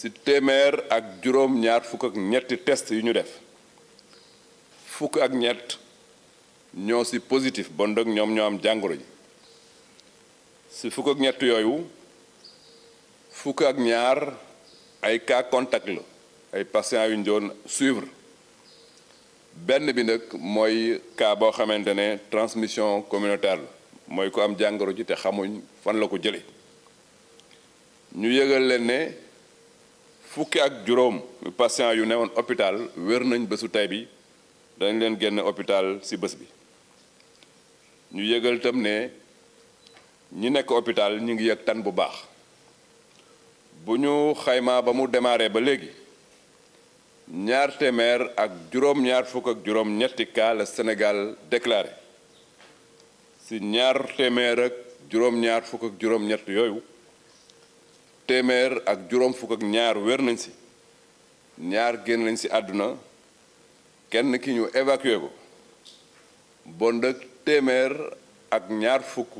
si téeméer ak juróom ñaar fukk ak ñetti test yu ñu def fukk ak ñett ñoo si positif bon dog ñoom ñoo am jàngoro ji si fukk ak ñett yooyu fukk ak ñaar ay cas contact la ay patients yu ñu doon suivre benn bi nag mooy cas boo xamante ne transmission communautaire mooy ku am jàngoro ji te xamuñ fan la ko jële ñu yëgal leen ne fukki ak juróom patient yu newoon hôpital wér nañ bésu tey bi dañ leen génn hôpital ci bés bi ñu yëgal tam ne ñi nekk hôpital ñu ngi yëg tan bu baax bu ñu xayma ba mu demaree ba léegi ñaar téeméer ak juróom-ñaar fukk ak juróom ñetti cas la Sénégal déclaré ci ñaar téeméer ak juróom-ñaar fukk ak juróom-ñett yooyu téeméer ak juróom fukk ak ñaar wér nañ si ñaar génn lañ si àdduna kenn ki ñu évacué ko bon nag téeméer ak ñaar fukk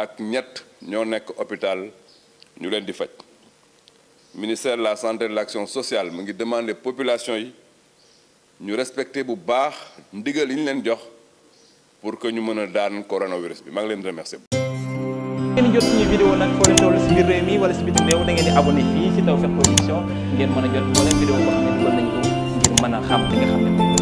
ak ñett ñoo nekk hôpital ñu leen di faj ministère de la santé de l'action sociale mu ngi demander population yi ñu respecté bu baax ndigal yi ñu leen jox pour que ñu mën a daan coronavirus bi maa ngi leen remercier ngeen jot suñu vidéo nag foo leen toll si biir réew mi wala fii si Tawfekh Production ngeen mën a jot moo leen vidéo boo xam ne dugal nañ ko ngir mën a xam li nga xam ne